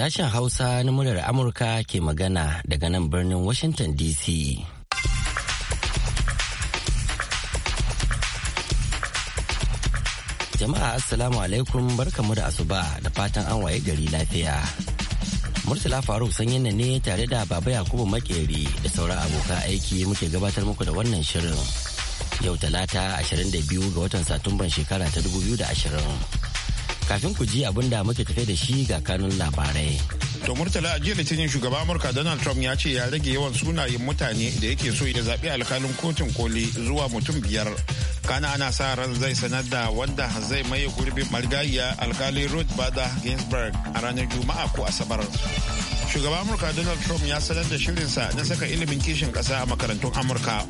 Sashen Hausa na murar Amurka ke magana daga nan birnin Washington DC. Jama'a Assalamu alaikum barkamu da asuba da fatan an waye gari lafiya. Murtala Faruk sanyin ne tare da Baba Yakubu Makeri da sauran abokan aiki muke gabatar muku da wannan shirin. Yau talata 22 ga watan Satumban shekara ta 2020. kafin ku ji abin da muke tafe da shi ga kanun labarai. To Murtala a jiya litinin shugaba Amurka Donald Trump ya ce ya rage yawan sunayen mutane da yake so ya zaɓi alkalin kotun koli zuwa mutum biyar. Kana ana sa ran zai sanar da wanda zai maye gurbin marigayya alkalin Ruth Bader Ginsburg a ranar Juma'a ko Asabar. shugaban amurka donald trump ya sanar da shirinsa na saka ilimin kishin kasa a makarantun amurka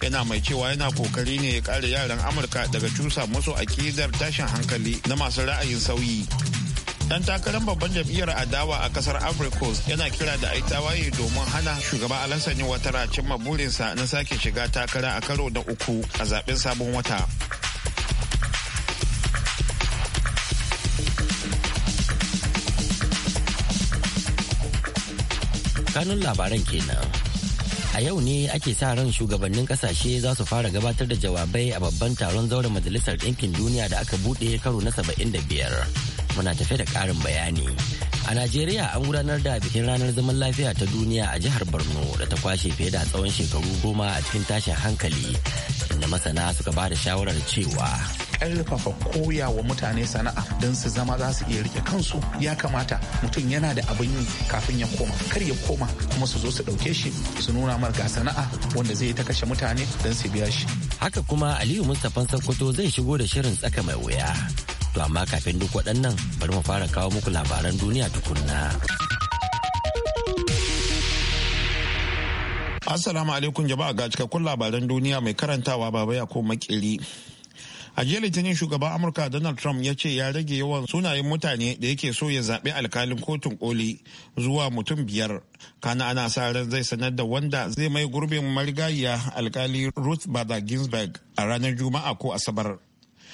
yana mai cewa yana kokari ne ya kare yaran amurka daga cusa musu akidar tashin hankali na masu ra'ayin sauyi dan takarar babban jam'iyyar adawa a kasar africos yana kira da waye domin hana shugaba wata watara cimma burinsa na sake shiga takara a karo na uku a zaben sabon wata kanun labaran kenan a yau ne ake sa ran shugabannin kasashe za su fara gabatar da jawabai a babban taron zauren majalisar ɗinkin duniya da aka buɗe karo na saba'in da biyar muna tafe da ƙarin bayani a najeriya an gudanar da bikin ranar zaman lafiya ta duniya a jihar borno da ta kwashe fiye da tsawon shekaru goma a cikin tashin hankali inda masana suka ba da shawarar cewa karfafa koya wa mutane sana'a don su zama za su iya rike kansu ya kamata mutum yana da abin yi kafin ya koma kar ya koma kuma su zo su ɗauke shi su nuna mar ga sana'a wanda zai ta kashe mutane don su biya shi haka kuma aliyu mustapha sokoto zai shigo da shirin tsaka mai wuya to amma kafin duk waɗannan bari mu fara kawo muku labaran duniya tukunna Assalamu alaikum jama'a ga cikakkun labaran duniya mai karantawa baba ya ko makili. a jiya litinin shugaban amurka donald trump ya ce ya rage yawan sunayen mutane da yake so ya zaɓi alkalin kotun koli zuwa mutum biyar kana ana sa ran zai sanar da wanda zai mai gurbin marigayiya alkali ruth bader ginsburg a ranar juma'a ko asabar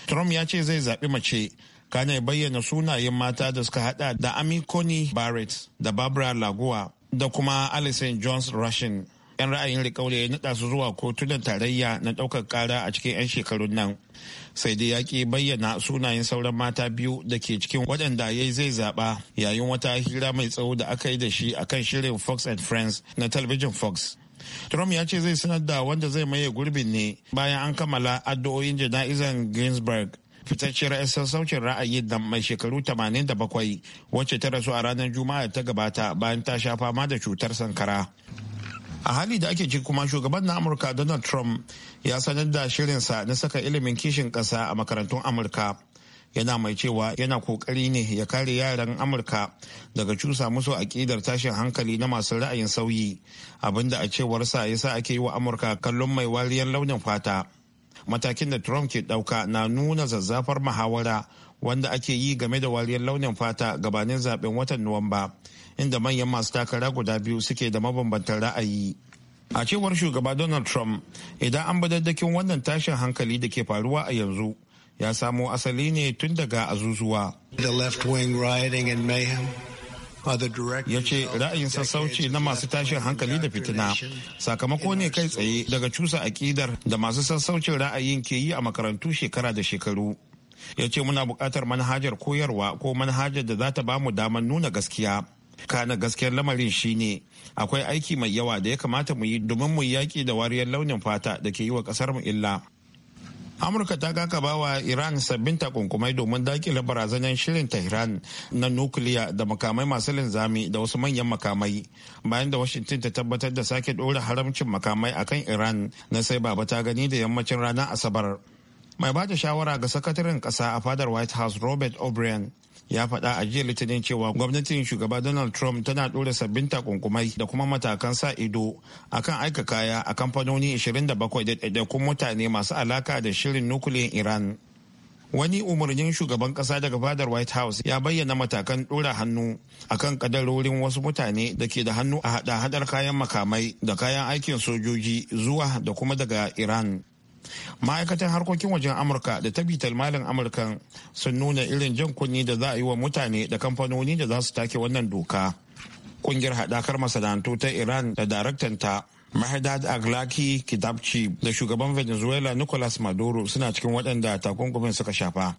trump ya ce zai zaɓi mace kana ya bayyana sunayen mata da suka hada da amy coney barrett da barbara lagoa da kuma alison jones rushing 'yan ra'ayin rikaure ya nada su zuwa kotunan tarayya na ɗaukar kara a cikin 'yan shekarun nan sai dai ya bayyana sunayen sauran mata biyu da ke cikin waɗanda ya zai zaɓa yayin wata hira mai tsawo da aka yi da shi a kan shirin fox and friends na talabijin fox Trump ya ce zai sanar da wanda zai maye gurbin ne bayan an kammala addu'o'in jana'izan Ginsburg. fitacciyar 'yan sassaucin ra'ayi da mai shekaru 87 wacce ta rasu a ranar juma'a ta gabata bayan ta sha fama da cutar sankara. a hali da ake ciki kuma shugaban na amurka donald trump ya sanar da shirinsa na saka ilimin kishin ƙasa a makarantun amurka yana mai cewa yana kokari ne ya kare yaran amurka daga cusa musu aƙidar tashin hankali na masu ra'ayin sauyi abinda a cewarsa ya sa ake yi wa amurka kallon mai wariyar launin fata matakin da trump ke ɗauka na nuna zazzafar muhawara wanda ake yi game da wariyar launin fata gabanin zaben watan nuwamba inda manyan masu takara guda biyu suke da mabambantan ra'ayi a cewar shugaba donald trump idan an badaddakin wannan tashin hankali da ke faruwa a yanzu ya samo asali ne tun daga azuzuwa ya ce ra'ayin sassauci na masu tashin hankali da fitina sakamako ne kai tsaye daga cusa akidar da masu sassaucin ra'ayin ke yi a makarantu shekara da shekaru ya ce muna buƙatar manhajar koyarwa ko manhajar da za ta bamu damar nuna gaskiya kana gaskiyar lamarin shine akwai aiki mai yawa da ya kamata mu yi domin mu yaƙi da wariyar launin fata da ke yi wa ƙasar mu illa amurka ta kakaba wa iran sabbin takunkumai domin dakile barazanar shirin tehran na nukiliya da makamai masu linzami da wasu manyan makamai bayan da washington ta tabbatar da sake ɗora haramcin makamai akan iran na sai baba ta gani da yammacin ranar asabar mai bata shawara ga sakataren kasa a fadar white house robert o'brien ya faɗa a jiya litinin cewa gwamnatin shugaba donald trump tana ɗora sabbin takunkumai da kuma matakan sa ido akan aika kaya a kamfanoni 27 da ɗaiɗaikun mutane masu alaka da shirin nukliyan iran wani umarnin shugaban ƙasa daga fadar white house ya bayyana matakan ɗora hannu akan kadarorin wasu mutane da ke da hannu a hada-hadar kayan makamai da kayan aikin sojoji zuwa da kuma daga iran ma'aikatan harkokin wajen amurka da ta bitar malin amurkan sun nuna irin jan kunni da za a yi wa mutane da kamfanoni da za su take wannan doka kungiyar haɗakar masana'antu ta iran da daraktan ta Mahdad Aglaki kidabci da shugaban Venezuela Nicolas Maduro suna cikin waɗanda takunkumin suka shafa.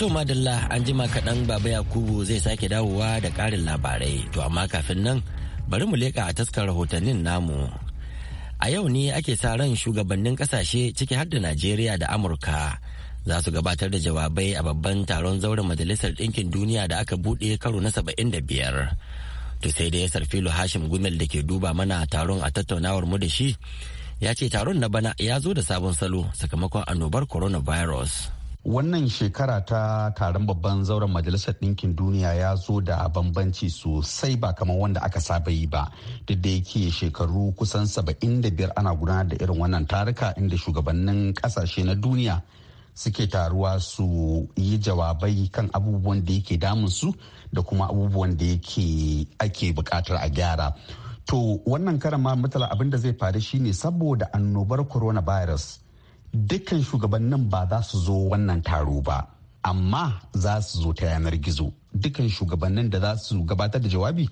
To madalla an jima kaɗan Baba Yakubu zai sake dawowa da ƙarin labarai. To amma kafin nan bari mu leƙa a taskar rahotannin namu. A yau ne ake sa ran shugabannin ƙasashe ciki har da Najeriya da Amurka za su gabatar da jawabai a babban taron zauren Majalisar Ɗinkin Duniya da aka buɗe karo na saba'in da biyar. To sai dai Sarfilo Hashim Gumel da ke duba mana taron a tattaunawar mu da shi ya ce taron na bana ya zo da sabon salo sakamakon annobar coronavirus. wannan shekara ta taron babban zauren majalisar ɗinkin duniya ya zo da bambanci sosai ba kamar wanda aka saba yi ba duk da yake shekaru kusan biyar ana gudanar da irin wannan taruka inda shugabannin ƙasashe na duniya suke taruwa su yi jawabai kan abubuwan da yake su da kuma abubuwan da yake ake buƙatar a gyara to wannan karan ma abin da zai faru shine saboda annobar coronavirus dukkan shugabannin ba za su zo wannan taro ba amma za su zo ta yanar gizo dukkan shugabannin da za su gabatar da jawabi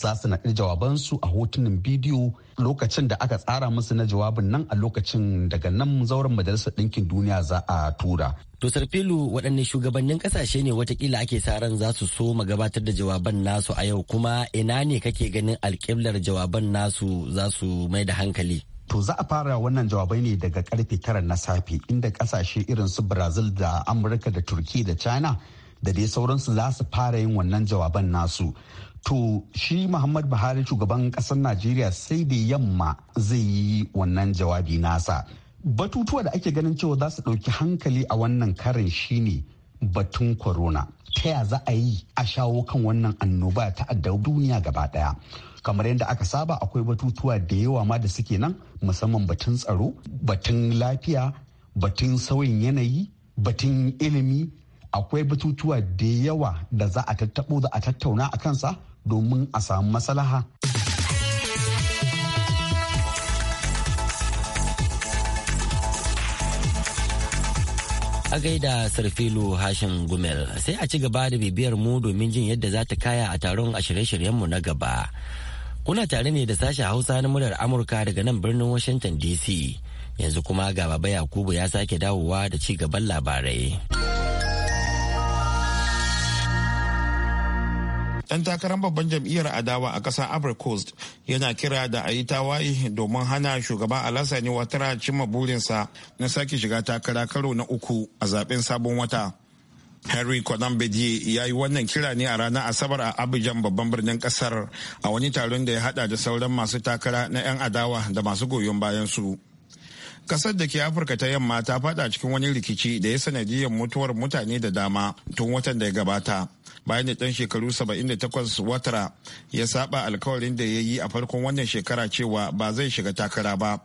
za su naɗi jawabansu a hotunan bidiyo lokacin da aka tsara musu na jawabin nan a lokacin daga nan zauren majalisar ɗinkin duniya za a tura. To Sarfilu waɗanne shugabannin ƙasashe ne watakila ake sa ran za su so gabatar da jawaban nasu a yau kuma ina ne kake ganin alƙiblar jawaban nasu za su mai da hankali? To za a fara wannan jawabai ne daga karfe tara na safe inda kasashe irin su Brazil da Amurka da Turki da China da dai sauransu za su fara yin wannan jawaban nasu. To shi Muhammad Buhari shugaban kasar Najeriya sai da yamma zai yi wannan jawabi nasa. Batutuwa da ake ganin cewa za su ɗauki hankali a wannan karin shine batun corona. Ta ya za a yi a shawo kan wannan annoba ta duniya gaba ɗaya. kamar yadda aka saba akwai batutuwa da yawa ma da suke nan musamman batun tsaro batun lafiya batun sauyin yanayi batun ilimi akwai batutuwa da yawa da za a tattabo za a tattauna a kansa domin a samu masalaha a gaida sarfilu hashim gumel sai a ci gaba da bibiyar mu domin jin yadda za ta kaya a taron a shirye-shiryenmu na gaba Kuna tare ne da sashen Hausa na murar Amurka daga nan birnin Washington DC. Yanzu kuma ga Baba Yakubu ya sake dawowa da ci gaban labarai. Ɗan takarar babban jam'iyyar adawa a ƙasar Ivory Coast yana kira da a yi tawaye domin hana shugaba Alassane Ouattara cimma burinsa na sake shiga takara karo na uku a zaben sabon wata. Henry Kwadambedi ya yi wannan kira ne a ranar Asabar a Abidjan babban birnin kasar a wani taron da ya hada da sauran masu takara na 'yan adawa da masu goyon bayan su. Kasar da ke Afirka ta yamma ta fada cikin wani rikici da ya sanadiyar mutuwar mutane da dama tun watan da ya gabata. Bayan da ɗan shekaru 78 watara ya saba alkawarin da ya yi a farkon wannan shekara cewa ba zai shiga takara ba.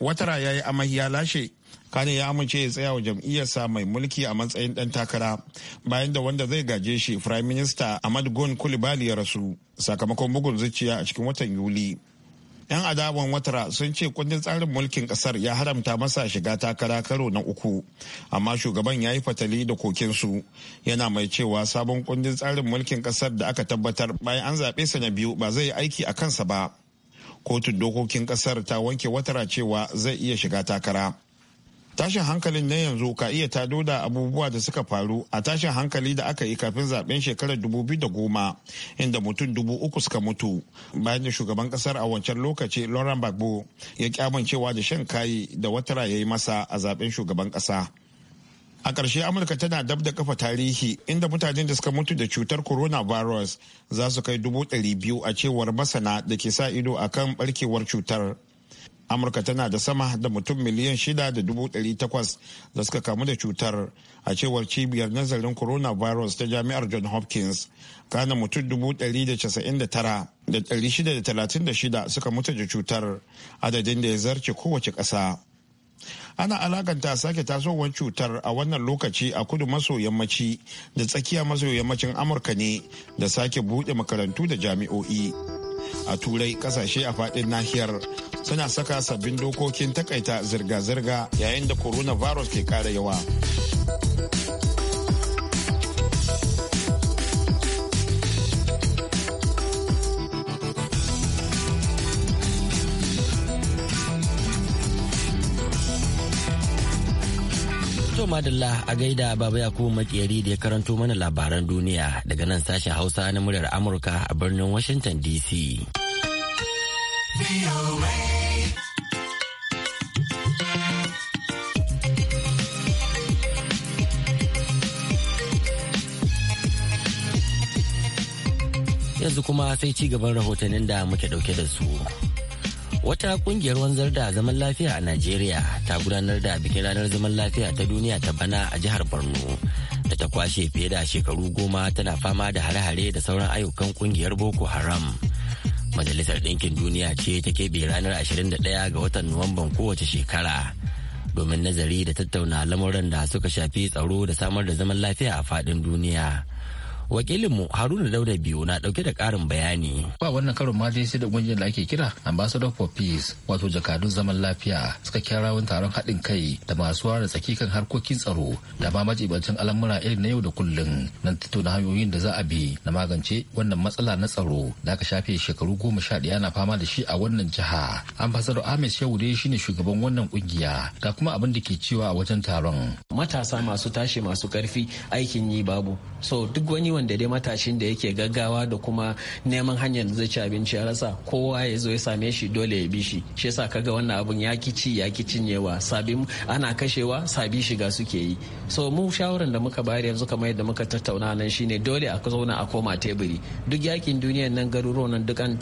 watara ya yi amai ya lashe kane ya amince ya tsaya wa jam'iyyarsa mai mulki a matsayin dan takara bayan da wanda zai gaje shi prime minister ahmad gon kulibali ya rasu sakamakon bugun zuciya a cikin watan yuli yan adawan watara sun ce kundin tsarin mulkin kasar ya haramta masa shiga takara karo na uku amma shugaban ya yi fatali da kokinsu yana mai cewa sabon kundin tsarin mulkin kasar da aka tabbatar bayan an zaɓe sa na biyu ba zai aiki a kansa ba kotun dokokin kasar ta wanke watara cewa zai iya shiga takara tashin hankalin na yanzu ka iya tado da abubuwa da suka faru a tashin hankali da aka yi kafin zaben shekarar goma inda mutum dubu uku suka mutu bayan da shugaban kasar a wancan lokaci lauren bagbo ya kyamancewa da shan kayi da watara ya yi masa a zaben shugaban kasa a ƙarshe amurka tana dab da kafa tarihi inda mutanen da suka mutu da cutar coronavirus za su kai dubu ɗari biyu a cewar masana da ke sa ido a kan ɓarkewar cutar amurka tana da sama da mutum miliyan shida da dubu ɗari takwas da suka kamu da cutar a cewar cibiyar nazarin corona virus ta jami'ar john hopkins kana mutum dubu ɗari da casa'in da tara da ɗari shida da talatin da shida suka mutu da cutar adadin da ya zarce kowace ƙasa ana alakanta sake tasowar cutar a wannan lokaci a kudu maso yammaci da tsakiya maso yammacin amurka ne da sake buɗe makarantu da jami'o'i a turai kasashe a faɗin nahiyar suna saka sabbin dokokin takaita zirga-zirga yayin da coronavirus ke ƙara yawa madalla a gaida baba yakubu makiyari da ya karanto mana labaran duniya daga nan sashen hausa na muryar amurka a birnin washington dc yanzu kuma sai ci gaban rahotannin da muke dauke da su Wata kungiyar wanzar da zaman lafiya a Najeriya ta gudanar da bikin ranar zaman lafiya ta duniya ta bana a jihar Borno da ta kwashe fiye da shekaru goma tana fama da hare-hare da sauran ayyukan kungiyar Boko Haram. Majalisar Ɗinkin Duniya ce ta keɓe ranar 21 ga watan Nuwamban kowace shekara domin nazari da tattauna lamuran da suka shafi tsaro da samar da zaman lafiya a faɗin duniya. wakilinmu haruna dauda biyu na dauke da karin bayani ba wannan karin ma dai sai da gungun da ake kira ambassador for peace wato jakadun zaman lafiya suka kira taron haɗin kai da masu da tsaki kan harkokin tsaro da ma majibancin al'amura irin na yau da kullum nan tattauna hanyoyin da za a bi na magance wannan matsala na tsaro da aka shafe shekaru goma sha ɗaya na fama da shi a wannan jiha ambassador ahmed shehu dai shine shugaban wannan kungiya ga kuma abin da ke cewa a wajen taron matasa masu tashi masu karfi aikin yi babu so duk wani da dai matashin da yake gaggawa da kuma neman hanyar da zai ci abinci ya rasa kowa ya zo ya same shi dole ya bi shi shi yasa kaga wannan abun ya kici ya cinyewa sabi ana kashewa sabi shiga suke yi so mu shawaran da muka bayar yanzu kamar yadda muka tattauna nan shine dole a zauna a koma teburi duk yakin duniyan nan garuruwan nan duk an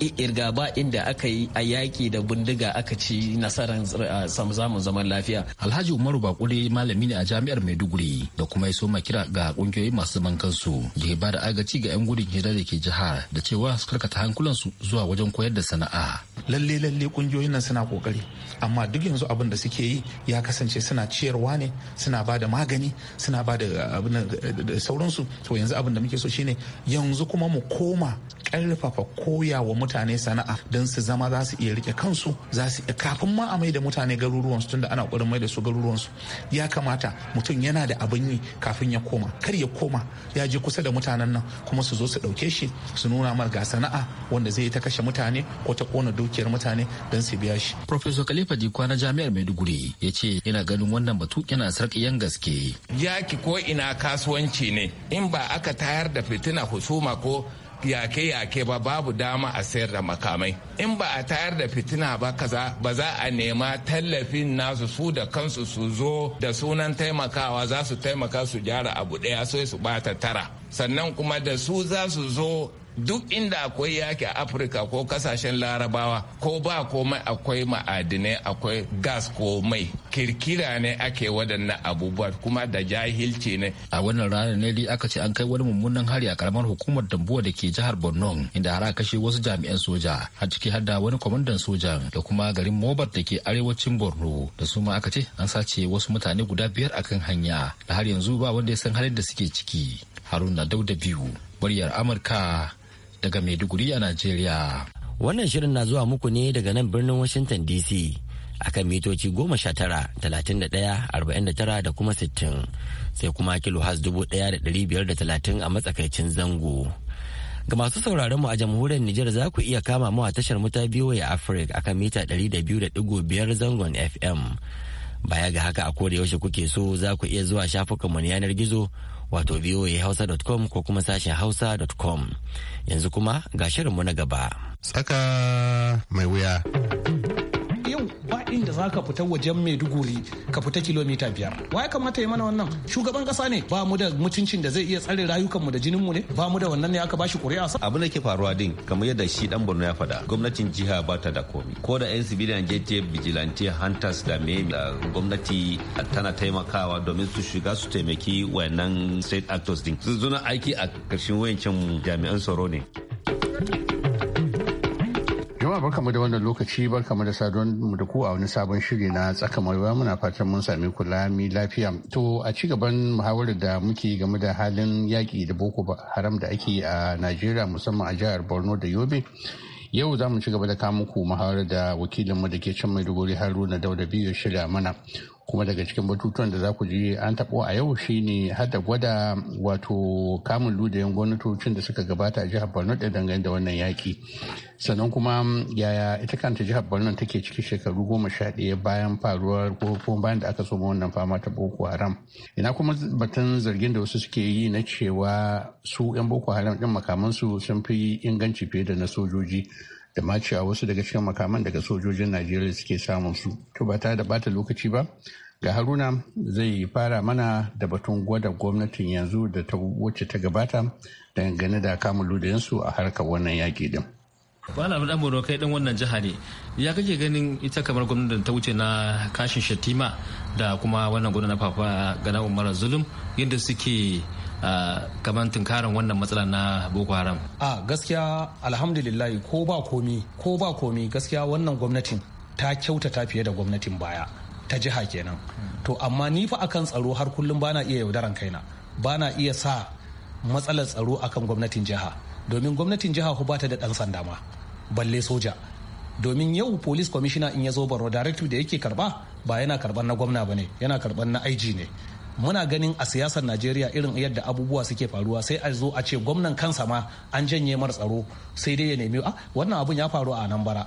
irga ba inda aka yi a yaki da bindiga aka ci nasarar eh, zamun zaman lafiya alhaji umaru bakuri malami ne a jami'ar maiduguri da kuma ya soma kira ga kungiyoyi masu zaman su da ya bada agaci ga 'yan gudun hijira da ke jihar da cewa su karkata hankulansu zuwa wajen koyar da sana'a. Lalle lalle kungiyoyin nan suna kokari amma duk yanzu abin da suke yi ya kasance suna ciyarwa ne suna bada magani suna bada eh, eh, da sauransu to yanzu abin da muke so shine yanzu kuma mu koma karfafa koya wa mutane sana'a don su zama za su iya rike kansu za su iya kafin ma a mai da mutane garuruwansu tunda ana ƙoƙarin mai da su garuruwansu ya kamata mutum yana da abin yi kafin ya koma kar ya koma ya kusa da mutanen nan kuma su zo su dauke shi su nuna mar ga sana'a wanda zai ta kashe mutane ko ta kona dukiyar mutane don su biya shi. Profesor Khalifa Dikwa na Jami'ar Maiduguri ya ce yana ganin wannan batu yana sarƙiyan gaske. Yaki ko ina kasuwanci ne in ba aka tayar da fitina husuma ko yake-yake ba babu dama a sayar da makamai in ba a tayar da fitina ba kaza ba za a nema tallafin nasu su da kansu su zo da sunan taimakawa za su taimaka su gyara abu ɗaya sai su bata tara sannan kuma da su za su zo duk inda akwai yaki a afirka ko kasashen larabawa ko ba komai akwai ma'adinai akwai gas ko mai kirkira ne ake waɗannan abubuwa kuma da jahilci ne a wannan ranar ne dai aka ce an kai wani mummunan hari a karamar hukumar dambuwa da ke jihar borno inda har kashe wasu jami'an soja a ciki har da wani kwamandan sojan da kuma garin mobar da ke arewacin borno da su ma aka ce an sace wasu mutane guda biyar a kan hanya da har yanzu ba wanda ya san halin da suke ciki haruna dauda biyu muryar amurka daga Maiduguri a Najeriya. Wannan shirin na zuwa muku ne daga nan birnin Washington DC a kan mitoci goma sha tara talatin da ɗaya arba'in da kuma sittin sai kuma kilo has 1,530 a matsakaicin zango. Ga masu sauraron mu a jamhuriyar Nijar za ku iya kama mu a tashar mu ta biyo ya Afirka kan mita ɗari zangon FM. baya ga haka a koda yaushe kuke so za ku iya zuwa shafukanmu na yanar gizo wato voahausa.com ko kuma sashen hausa.com yanzu kuma ga shirinmu na gaba tsaka mai wuya ba inda za ka fita wajen maiduguri ka fita kilomita biyar wa ya kamata ya mana wannan shugaban kasa ne ba mu da mutuncin da zai iya tsare rayukanmu da jininmu ne ba mu da wannan ne aka bashi kuri'a sa abin da ke faruwa din kamar yadda shi dan Borno ya faɗa gwamnatin jiha ba ta da komi ko da yan civilian jt vigilante hunters da me gwamnati tana taimakawa domin su shiga su taimaki wayannan state actors din su aiki a ƙarshen wayancin jami'an tsaro ne. jama'a barkamu da wannan lokaci barkamu da saduwan mu da ku a wani sabon shiri na tsaka muna fatan mun sami ku lami lafiya to a ci gaban muhawarar da muke game da halin yaƙi da boko haram da ake a najeriya musamman a jihar borno da yobe yau za mu ci gaba da kawo muku muhawarar da wakilinmu da ke can maiduguri haruna dauda biyu shirya mana kuma daga cikin batutuwan da za ku ji an taɓo a yau shine hada gwada wato kamun ludayen gwamnatocin da suka gabata a jihar borno da dangane da wannan yaƙi sannan kuma yaya ita kanta jihar borno take cikin shekaru goma sha ɗaya bayan faruwar ko bayan da aka ma wannan fama ta boko haram ina kuma batun zargin da wasu suke yi na cewa su 'yan boko haram ɗin makamansu sun fi inganci fiye da na sojoji da ma cewa wasu daga cikin makaman daga sojojin najeriya suke samun su to ba ta da bata lokaci ba ga haruna zai fara mana da batun gwada gwamnatin yanzu da ta wacce ta gabata dangane da kamun ludayensu a harkar wannan yaƙi din bala dan kai dan wannan jiha ne ya kake ganin ita kamar gwamnatin ta wuce na kashin shatima da kuma wannan gwamnati na fafa ga umar zulum yadda suke kamar tunkarin wannan matsala na boko haram a gaskiya alhamdulillah ko ba komi ko ba komi gaskiya wannan gwamnatin ta kyautata fiye da gwamnatin baya ta jiha kenan to amma ni fa akan tsaro har kullum bana iya yaudaran kaina bana iya sa matsalar tsaro akan gwamnatin jiha domin gwamnatin jiha ba ta da dan sanda ma balle soja domin yau police commissioner in ya zo baro directive da yake karba ba yana karban na gwamna bane yana karban na IG ne muna ganin a siyasar najeriya irin yadda abubuwa suke faruwa sai a zo a ce gwamnan kansa ma an janye mara tsaro sai dai ya nemi a ah, wannan abun ya faru a nan bara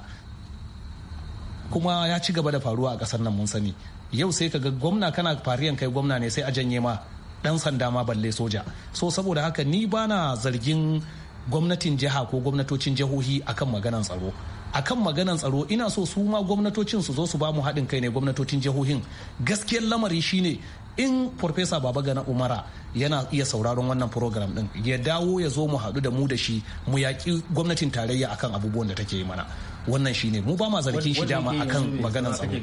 kuma ya ci gaba da faruwa a kasar nan mun sani yau sai ka ga gwamna kana fariyan kai gwamna ne sai a janye ma dan sanda ma balle soja so saboda haka ni bana zargin gwamnatin jiha ko gwamnatocin jihohi akan maganan tsaro akan maganan tsaro ina so su ma gwamnatocin su zo su bamu haɗin kai ne gwamnatocin jihohin gaskiyar lamari shine in farfesa gana umara yana iya sauraron wannan program din ya dawo ya zo mu haɗu da mu da shi mu yaƙi gwamnatin tarayya akan abubuwan da take yi mana wannan shine mu ba ma zargin shi dama akan maganar tsaro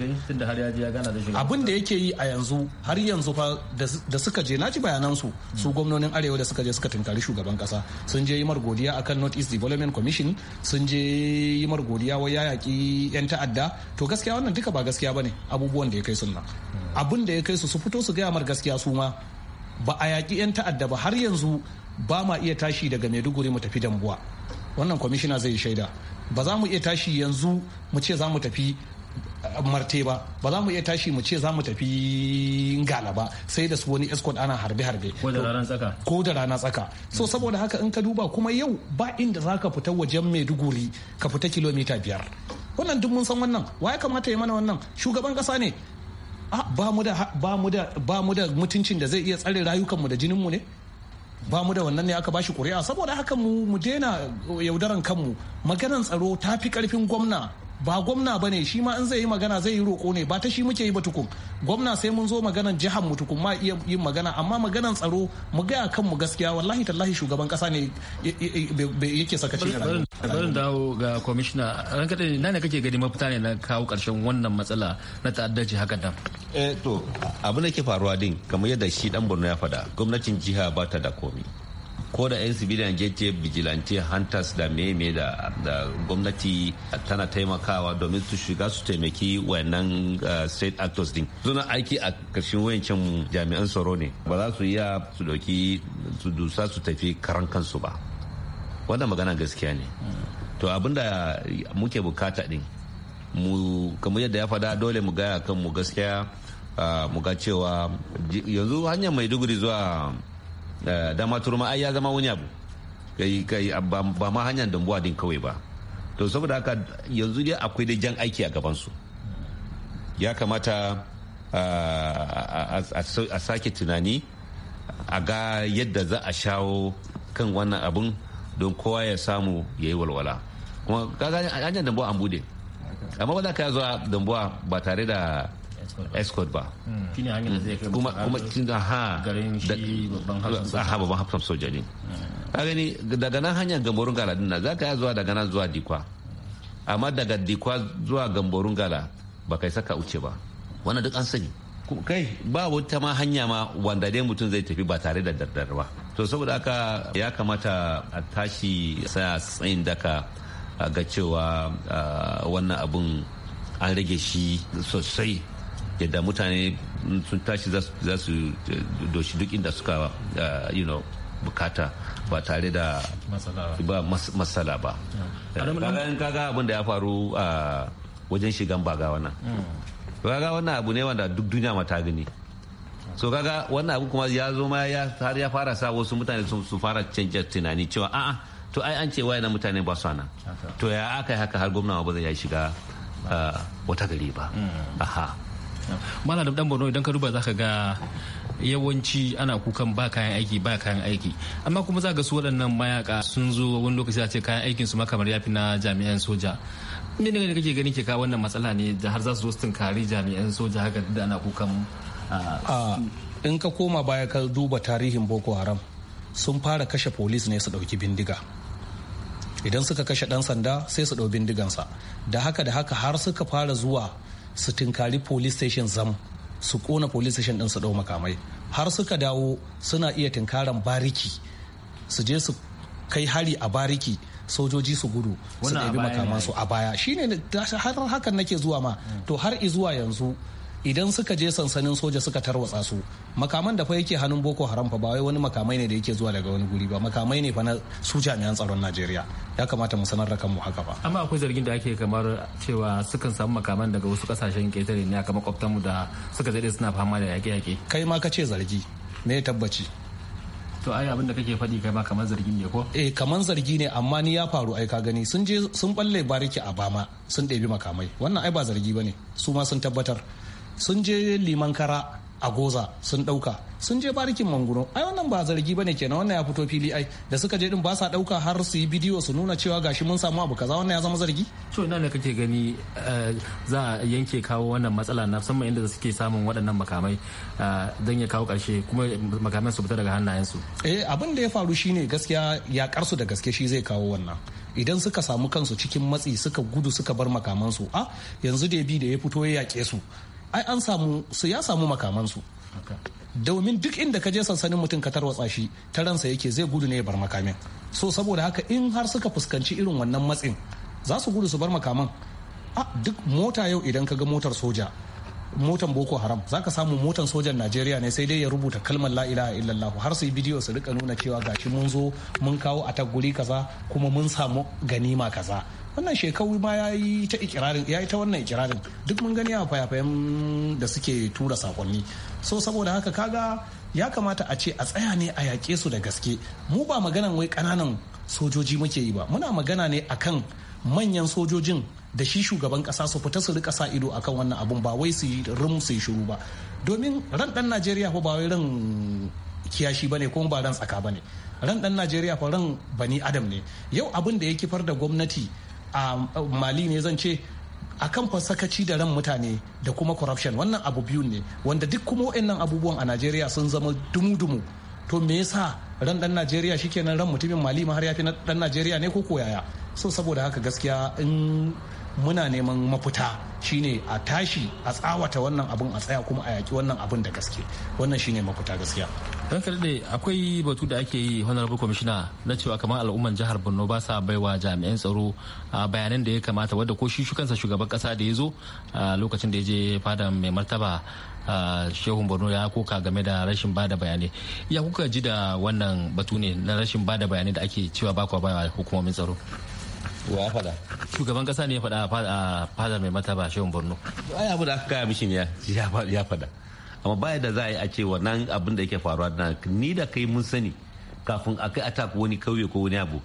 abin da yake yi a yanzu har yanzu fa da suka je naji bayanan su su hmm. gwamnonin arewa da suka je suka tunkari shugaban kasa sun je yi godiya akan north east development commission sun je yi godiya wa ya yaki yan ta'adda to gaskiya wannan duka ba gaskiya bane abubuwan da ya kai sun nan hmm. abin da ya kai su su fito su gaya mar gaskiya su ma ba a yaki 'yan ta'adda ba har yanzu ba ma iya tashi daga maiduguri mu tafi dambuwa wannan kwamishina zai yi shaida ba za mu iya tashi yanzu mu ce za mu tafi uh, marte ba ba za mu iya tashi mu ce za mu tafi gala ba sai da su wani escort ana harbe-harbe ko da rana tsaka ko da rana tsaka so mm. saboda haka in ka duba kuma yau ba inda za ka fita wajen maiduguri ka fita kilomita biyar wannan duk mun san wannan wa ya kamata ya mana wannan shugaban kasa ne ah, ba mu da mutuncin da zai iya tsare rayukanmu da jininmu ne ba mu da wannan ne aka bashi kuri'a saboda haka mu mu daina yaudaran kanmu maganar tsaro ta fi karfin gwamna ba gwamna ba ne shi ma in zai yi magana zai yi roƙo ne ba ta shi muke yi ba tukun gwamna sai mun zo maganan jihar mu tukun ma iya yin magana amma maganan tsaro mu gaya kan mu gaskiya wallahi tallahi shugaban kasa ne yake sakaci da barin dawo ga kwamishina ranka da na ne kake gani mafita ne na kawo karshen wannan matsala na ta'addanci haka dan eh to abin da ke faruwa din kamar yadda shi dan Borno ya faɗa gwamnatin jiha ba ta da komai ko da 'yan civilian jeje vigilante hunters da meme da gwamnati tana taimakawa domin su shiga su taimaki wayannan eh, state actors din suna aiki a ƙarshen wayancin jami'an tsaro ne ba za su iya su doki su dusa su tafi karan kansu ba wanda magana gaskiya ne to abinda muke bukata din mu kamar yadda ya fada dole mu gaya kan mu gaskiya ah, mu ga cewa yanzu hanyar maiduguri zuwa Eh, da maturma ai ya zama wani abu ba ma hanyar dambuwa din kawai ba to saboda haka yanzu dai akwai da jan aiki a gabansu ya kamata a sake tunani a ga yadda za a shawo kan wannan abun don kowa ya samu ya yi walwala kuma kaga hanyar dambuwa an bude amma ba za ka zuwa dambuwa ba tare da escort ba shine da zai kai kuma kuma kin ha garin shi babban hafsan sojani babban ka gani daga nan hanyar gamborun gala din za zaka zuwa daga nan zuwa dikwa amma daga dikwa zuwa gamborun gala ba kai saka uce ba wannan duk an sani kai ba wata ma hanya ma wanda dai mutum zai tafi ba tare da daddare ba to saboda haka ya kamata a tashi saya tsayin daka ga cewa wannan abun an rage shi sosai yadda mutane sun tashi za su eh, doshi duk inda suka eh, you know bukata ba tare da matsala ba hmm. eh, kaga abin da ya faru a wajen shigan baga wannan hmm. kaga wannan abu ne wanda duk duniya mata ta gani so kaga wannan abu kuma ya zo ma ya har ya fara sa wasu mutane su fara canja tunani cewa a'a to ai an ce waye na mutane ba su to ya aka haka har gwamna ba zai ya shiga wata gari ba hmm. aha malam dan borno idan ka duba zaka ga yawanci ana kukan ba kayan aiki ba kayan aiki amma kuma za ga su waɗannan mayaka sun zo wani lokaci a ce kayan aikin su makamar kamar yafi na jami'an soja me ne kake ganin ke kawo wannan matsala ne da har za su zo su tunkari jami'an soja haka da ana kukan ah, ah, in ka koma baya ka duba tarihin boko haram sun fara kashe polis ne su ɗauki bindiga idan suka kashe ɗan sanda sai su ɗau bindigansa da haka da haka har suka fara zuwa su tinkari police station zam su kona police station din su dau makamai har suka dawo suna iya tinkaran bariki su je su kai hari a bariki sojoji su gudu su ɗabi makamansu a baya shine har hakan nake zuwa ma hmm. to har izuwa yanzu idan suka je sansanin soja suka tarwatsa su makaman da fa yake hannun boko haram fa ba wai wani makamai ne da yake zuwa daga wani guri ba makamai ne fa na su jami'an tsaron najeriya ya kamata mu sanar da kanmu haka ba amma akwai zargin da ake kamar cewa sukan samu makaman daga wasu kasashen ketare ne kwaftan mu da suka zade suna fama da yaƙe-yaƙe kai ma ka ce zargi me tabbaci to ai abin da kake faɗi kai ma kamar zargi ne ko eh kamar zargi ne amma ni ya faru ai ka gani sun je sun balle bariki a bama sun ɗebi makamai wannan ai ba zargi bane su ma sun tabbatar sun je liman kara a goza sun dauka sun je barikin manguno ai wannan ba zargi bane kenan wannan ya fito fili ai da suka je din ba sa dauka har su yi bidiyo su nuna cewa gashi mun samu abu kaza wannan ya zama zargi to ina ne kake gani eh, za a yanke kawo wannan matsala na musamman inda suke samun waɗannan makamai eh, dan ya kawo ƙarshe kuma makamai su fita daga su eh abin da ya faru shine gaskiya ya karsu da gaske shi zai kawo wannan idan suka samu kansu cikin matsi suka gudu suka bar makamansu a ah, yanzu da bi da ya fito ya yake su ai an samu su ya samu makamansu domin duk inda ka je sansanin mutum ka tarwatsa shi ta ransa yake zai gudu ne ya bar makamin so saboda haka in har suka fuskanci irin wannan matsin za su gudu su bar makaman a duk mota yau idan ka ga motar soja motan boko haram za ka samu motan sojan najeriya ne sai dai ya rubuta kalmar la ilaha illallah har su yi bidiyo su rika nuna cewa gashi mun zo mun kawo a guri kaza kuma mun samu ganima kaza wannan shekaru ma ya yi ta ikirarin ya yi ta wannan ikirarin duk mun gani a fayafayen da suke tura sakonni so saboda haka kaga ya kamata a ce a tsaya ne a yaƙe su da gaske mu ba maganan wai ƙananan sojoji muke yi ba muna magana ne akan manyan sojojin da shi shugaban kasa su fita su rika sa ido akan wannan abun ba wai su yi rum su yi shiru ba domin ran dan najeriya fa ba wai ran kiyashi bane ko ba ran tsaka bane ran dan najeriya fa ran bani adam ne yau abin da ya kifar da gwamnati a mali ne zan ce akan fasakaci da ran mutane da kuma corruption wannan abu biyu ne wanda duk kuma waɗannan abubuwan a najeriya sun zama dumu-dumu to me yasa ran dan najeriya shikenan ran mutumin mali har ya fi dan najeriya ne ko koyaya so saboda haka gaskiya in muna neman mafuta shine a tashi a tsawata wannan abun a tsaya kuma a yaki wannan abun da gaske wannan shine mafuta gaskiya don karɗe akwai batu da ake yi honorable commissioner na cewa kamar al'umman jihar borno ba sa baiwa jami'an tsaro ah, bayanan da ya kamata wadda ko shi shugaban kasa da ya zo ah, lokacin da ya je fada mai martaba ah, shehun borno ya koka game da rashin bada bayanai ya kuka ji da wannan batu ne na rashin bada bayanai da ake cewa ba kwa baya hukumomin tsaro wa ya fada shugaban kasa ne ya fada a fadar mai mataba shehun borno ai abu da aka kaya mishi ya fada amma baya da za a yi a ce wannan abin da yake faruwa na ni da kai mun sani kafin a kai atak wani kauye ko wani abu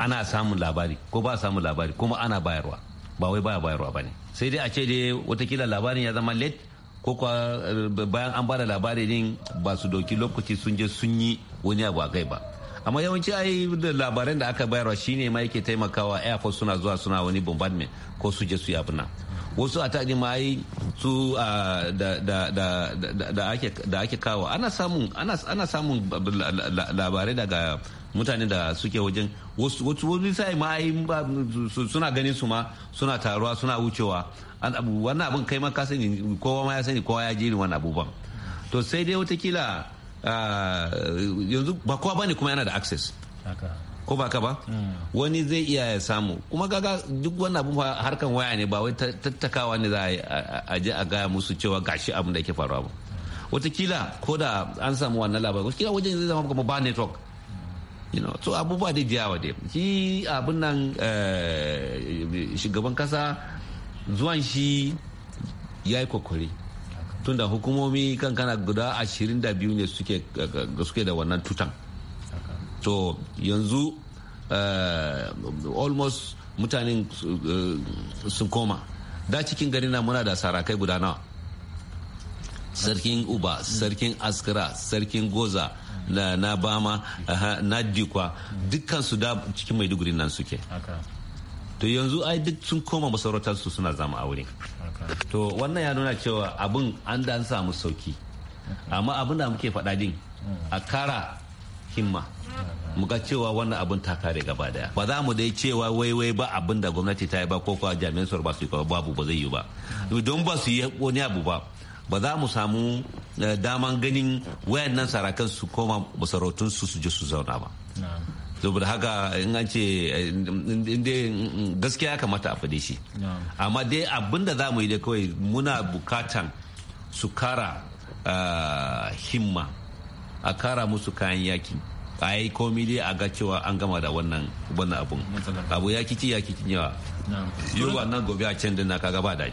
ana samun labari ko ba samun labari kuma ana bayarwa ba wai baya bayarwa ba ne. sai dai a ce dai watakila labarin ya zama late ko eh, bayan an bada labari din ba su dauki lokaci sun je sun yi wani abu a kai ba amma yawanci ai da labaran da aka bayarwa shine ma yake taimakawa air force suna zuwa suna wani bombardment ko su je su yi abin wasu a taɗi ma yi su ah, da ake kawo ana samun labarai daga mutane da suke wajen wasu wani sai ma yi suna ganin su ma suna taruwa suna wucewa wannan abin kai ma ka sani kowa ma ya sani kowa ya jiri wani abubuwan to sai dai watakila Ah, yanzu ba kowa ne kuma yana da access ko ba ka ba hmm. wani zai iya ya samu kuma gaga duk wannan abun harkan waya ne ba wai tattakawa ne za a je a gaya musu cewa gashi abin da yake faruwa ba watakila ko da an samu wannan labarin watakila wajen zai zama kuma ba network you know so abubuwa da jiyawa dai shi abin nan eh, shugaban kasa zuwan shi ya yi kokori tunda hukumomi kankana guda 22 ne suke da wannan tutan to yanzu eh, almost mutanen eh, sun koma da cikin gari na muna da sarakai guda nawa sarkin uba sarkin askara sarkin goza na bama na dikwa dukkan su da cikin maiduguri nan suke to yanzu ai duk sun koma masarautar su suna zama aure to wannan ya nuna cewa abin an da an samu sauki amma abin da muke faɗa din a kara himma muka cewa wannan abin ta kare gaba daya ba za mu dai cewa waiwai ba abin da gwamnati ta yi ba ko kuwa jami'an ba su yi babu ba zai yi ba don ba su yi wani abu ba ba za mu samu eh, daman ganin wayannan sarakan su koma masarautun su su je su zauna ba saboda haka in an ce gaskiya ya kamata a fade shi amma dai abinda za mu yi da kawai muna bukatan su kara ah, himma a kara musu kayan yaki a yi komi dai a ga cewa an gama da wannan wannan abun abu ya kici ya kici yawa yau ba nan gobe a can din na kaga ba daji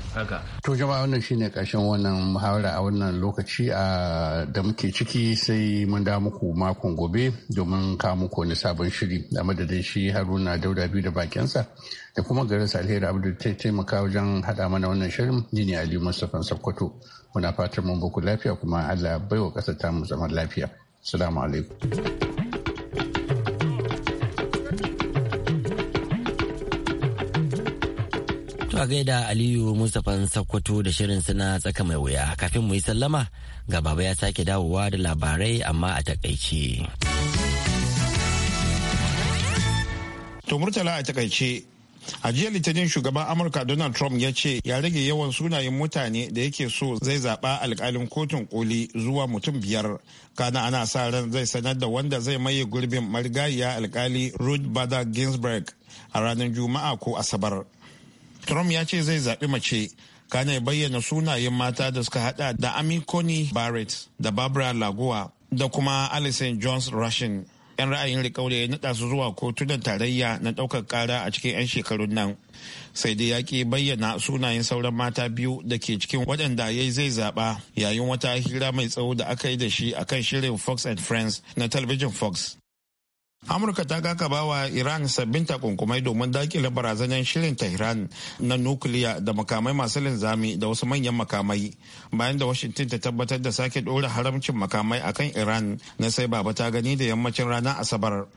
to jama'a wannan shine karshen wannan muhawara a wannan lokaci a da muke ciki sai mun da muku makon gobe domin ka muku wani sabon shiri da madadin shi haruna dauda biyu da bakinsa da kuma garin alheri abu da ta taimaka wajen haɗa mana wannan shirin jini ali mustapha sakkwato muna fatan mun baku lafiya kuma allah baiwa ƙasar tamu zaman lafiya salamu alaikum muka gaida Aliyu Mustapha Sakkwato da shirin suna tsaka mai wuya kafin mu yi sallama ga baba ya sake dawowa da labarai amma a takaice. To Murtala a takaice a jiya litinin shugaban amurka donald trump ya ce ya rage yawan sunayen mutane da yake so zai zaɓa alkalin kotun koli zuwa mutum biyar kana ana sa ran zai sanar da wanda zai maye gurbin marigayiya alkali ruth bader ginsburg a ranar juma'a ko asabar Trump ya ce zai zaɓi mace kana bayyana sunayen mata da suka hada da Amy Coney Barrett da Barbara Lagoa da kuma Alison Jones Russian. 'Yan ra'ayin rikaure ya naɗa su zuwa kotunan tarayya na ɗaukar ƙara a cikin 'yan shekarun nan. Sai dai ya ki bayyana sunayen sauran mata biyu da ke cikin waɗanda ya zai zaɓa yayin wata hira mai tsawo da aka yi da shi akan shirin Fox and Friends na talabijin Fox. amurka ta kakaba wa iran sabbin takunkumai domin dakile barazanar shirin tehran na nukiliya da makamai masu linzami da wasu manyan makamai bayan da washington ta tabbatar da sake ɗora haramcin makamai akan iran na sai baba ta gani da yammacin ranar asabar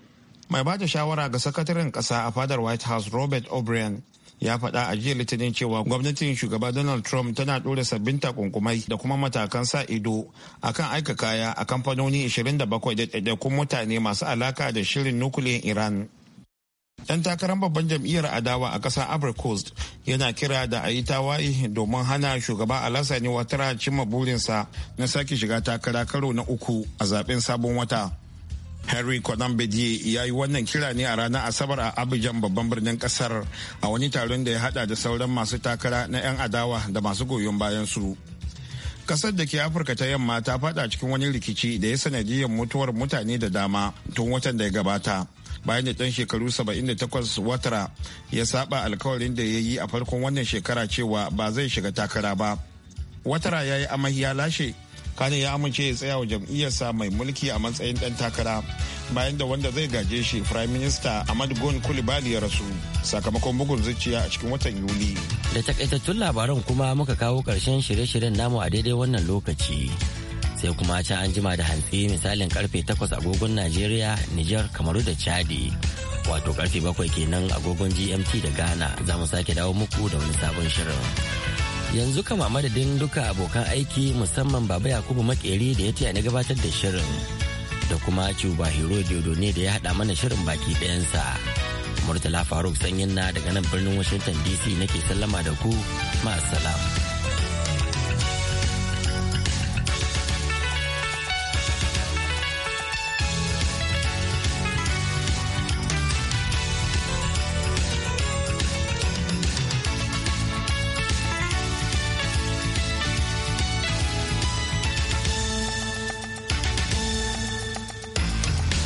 mai ba shawara ga sakataren ƙasa a fadar white house robert o'brien ya faɗa a jiya litinin cewa gwamnatin shugaba donald trump tana ɗora sabbin takunkumai da kuma matakan sa ido akan aika kaya a kamfanoni 27 da ɗaiɗaikun mutane masu alaka da shirin nukiliyan iran 'yan takarar babban jam'iyyar adawa a ƙasar coast yana kira da a yi tawaye domin hana shugaba alassani watara cimma burinsa na sake shiga takara karo na uku a zaben sabon wata henry kwanambedi ya yi wannan kira ne a ranar asabar a abidjan babban birnin kasar a wani taron da ya hada da sauran masu takara na 'yan adawa da masu goyon bayan su kasar da ke afirka ta yamma ta fada cikin wani rikici da ya sanadiyar mutuwar mutane da dama tun watan da ya gabata bayan da ɗan shekaru 78 watara ya saba alkawarin da ya yi a farkon wannan shekara cewa ba zai shiga takara ba watara ya yi amahiya lashe kane ya amince ya tsaya wa jam'iyyarsa mai mulki a matsayin dan takara bayan da wanda zai gaje shi prime minister ahmad gon kulibali ya rasu sakamakon bugun zuciya a cikin watan yuli da takaitattun labaran kuma muka kawo karshen shirye-shiryen namu a daidai wannan lokaci sai kuma can an jima da hantsi misalin karfe 8 agogon najeriya niger kamaru da chadi wato karfe 7 kenan agogon gmt da ghana za mu sake dawo muku da wani sabon shirin yanzu kama madadin duka abokan aiki musamman baba yakubu makeri da ya taya na gabatar da shirin da kuma cuba hero dodo ne da ya hada mana shirin baki ɗayansa murtala faruk sanyin na daga nan birnin washington dc nake sallama da ku ma'asalam.